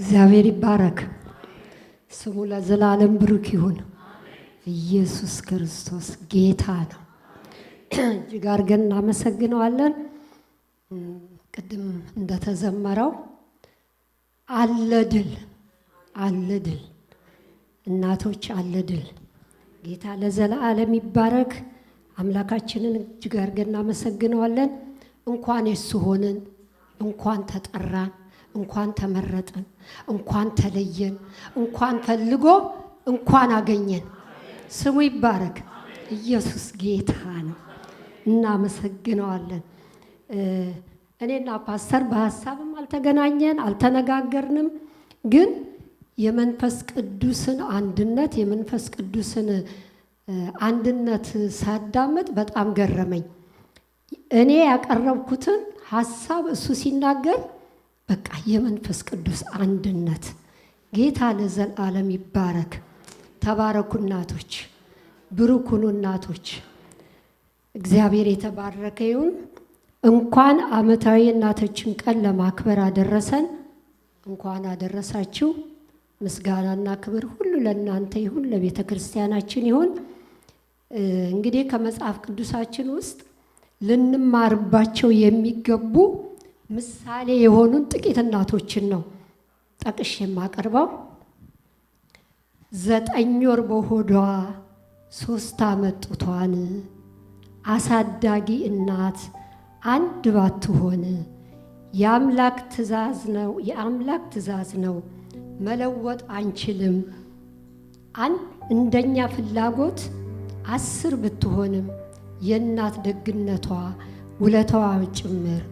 እግዚአብሔር ይባረክ። ስሙ ለዘላለም ብሩክ ይሁን። ኢየሱስ ክርስቶስ ጌታ ነው። እጅግ አድርገን እናመሰግነዋለን። ቅድም እንደተዘመረው አለ ድል፣ አለ ድል፣ እናቶች አለ ድል። ጌታ ለዘላለም ይባረክ። አምላካችንን እጅግ አድርገን እናመሰግነዋለን። እንኳን የሱ ሆንን፣ እንኳን ተጠራን። እንኳን ተመረጠን፣ እንኳን ተለየን፣ እንኳን ፈልጎ እንኳን አገኘን። ስሙ ይባረክ። ኢየሱስ ጌታ ነው። እናመሰግነዋለን። እኔና ፓስተር በሀሳብም አልተገናኘን፣ አልተነጋገርንም። ግን የመንፈስ ቅዱስን አንድነት የመንፈስ ቅዱስን አንድነት ሳዳምጥ በጣም ገረመኝ። እኔ ያቀረብኩትን ሀሳብ እሱ ሲናገር በቃ የመንፈስ ቅዱስ አንድነት ጌታ ለዘላለም ይባረክ። ተባረኩ እናቶች፣ ብሩኩኑ እናቶች። እግዚአብሔር የተባረከ ይሁን። እንኳን ዓመታዊ እናቶችን ቀን ለማክበር አደረሰን። እንኳን አደረሳችሁ። ምስጋናና ክብር ሁሉ ለእናንተ ይሁን፣ ለቤተ ክርስቲያናችን ይሁን። እንግዲህ ከመጽሐፍ ቅዱሳችን ውስጥ ልንማርባቸው የሚገቡ ምሳሌ የሆኑን ጥቂት እናቶችን ነው ጠቅሽ የማቀርበው። ዘጠኝ ወር በሆዷ ሶስት ዓመት ጡቷን አሳዳጊ እናት አንድ ባትሆን የአምላክ ትእዛዝ ነው የአምላክ ትእዛዝ ነው መለወጥ አንችልም። እንደኛ ፍላጎት አስር ብትሆንም የእናት ደግነቷ ውለታዋ ጭምር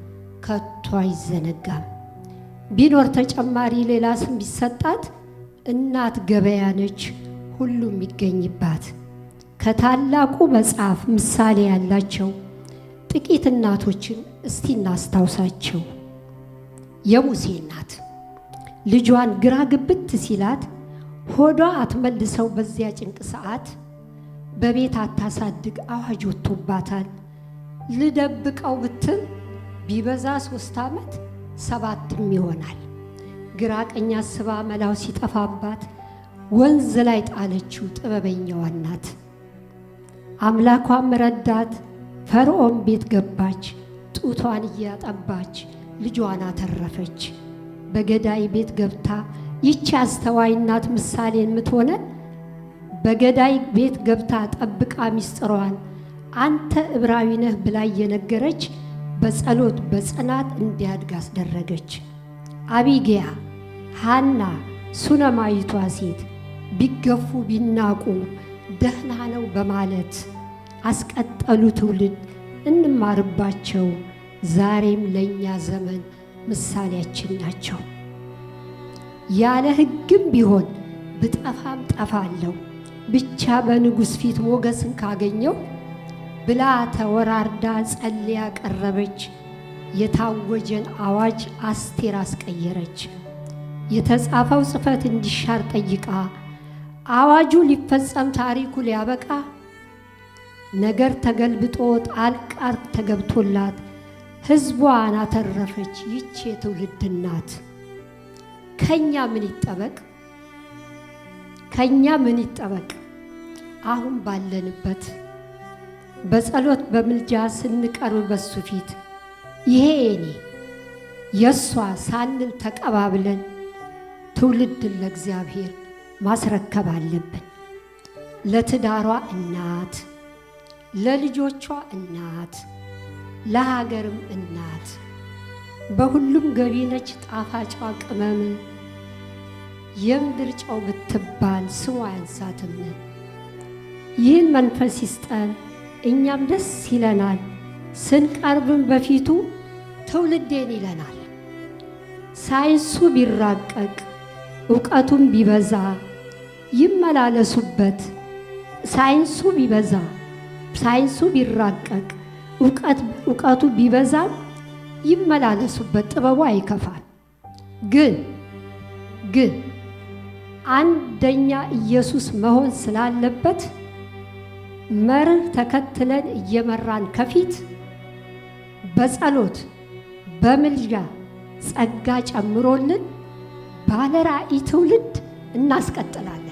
ከቶ አይዘነጋም። ቢኖር ተጨማሪ ሌላ ስም ቢሰጣት እናት ገበያ ነች፣ ሁሉ የሚገኝባት ከታላቁ መጽሐፍ ምሳሌ ያላቸው ጥቂት እናቶችን እስቲ እናስታውሳቸው። የሙሴ እናት ልጇን ግራ ግብት ሲላት ሆዷ አትመልሰው በዚያ ጭንቅ ሰዓት በቤት አታሳድግ አዋጅ ወጥቶባታል ልደብቀው ብትል ቢበዛ ሶስት ዓመት ሰባትም ይሆናል። ግራ ቀኝ አስባ መላው ሲጠፋባት ወንዝ ላይ ጣለችው ጥበበኛዋ እናት። አምላኳም ረዳት ፈርዖን ቤት ገባች፣ ጡቷን እያጠባች ልጇን አተረፈች። በገዳይ ቤት ገብታ ይቺ አስተዋይ እናት ምሳሌ የምትሆነን በገዳይ ቤት ገብታ ጠብቃ ሚስጥሯን አንተ ዕብራዊ ነህ ብላ እየነገረች በጸሎት በጽናት እንዲያድግ አስደረገች። አቢጊያ ሃና ሱነማይቷ ሴት ቢገፉ ቢናቁ ደህና ነው በማለት አስቀጠሉ ትውልድ እንማርባቸው። ዛሬም ለእኛ ዘመን ምሳሌያችን ናቸው። ያለ ሕግም ቢሆን ብጠፋም ጠፋለሁ ብቻ በንጉሥ ፊት ሞገስን ካገኘው ብላ ተወራርዳ ጸልያ ቀረበች። የታወጀን አዋጅ አስቴር አስቀየረች። የተጻፈው ጽፈት እንዲሻር ጠይቃ አዋጁ ሊፈጸም ታሪኩ ሊያበቃ ነገር ተገልብጦ ጣልቃር ተገብቶላት ሕዝቧን አተረፈች ይች የትውልድ እናት። ከኛ ምን ይጠበቅ? ከኛ ምን ይጠበቅ? አሁን ባለንበት በጸሎት በምልጃ ስንቀርብ በሱ ፊት ይሄ የኔ የእሷ ሳንል ተቀባብለን ትውልድን ለእግዚአብሔር ማስረከብ አለብን። ለትዳሯ እናት፣ ለልጆቿ እናት፣ ለሀገርም እናት በሁሉም ገቢ ነች ጣፋጯ ቅመም የምድር ጨው ብትባል ስሟ አያንሳትም። ይህን መንፈስ ይስጠን። እኛም ደስ ይለናል። ስንቀርብም በፊቱ ትውልዴን ይለናል። ሳይንሱ ቢራቀቅ እውቀቱም ቢበዛ ይመላለሱበት። ሳይንሱ ቢበዛ ሳይንሱ ቢራቀቅ እውቀቱ ቢበዛ ይመላለሱበት። ጥበቡ አይከፋል። ግን ግን አንደኛ ኢየሱስ መሆን ስላለበት መርህ ተከትለን እየመራን ከፊት በጸሎት በምልጃ ጸጋ ጨምሮልን ባለ ራዕይ ትውልድ እናስቀጥላለን።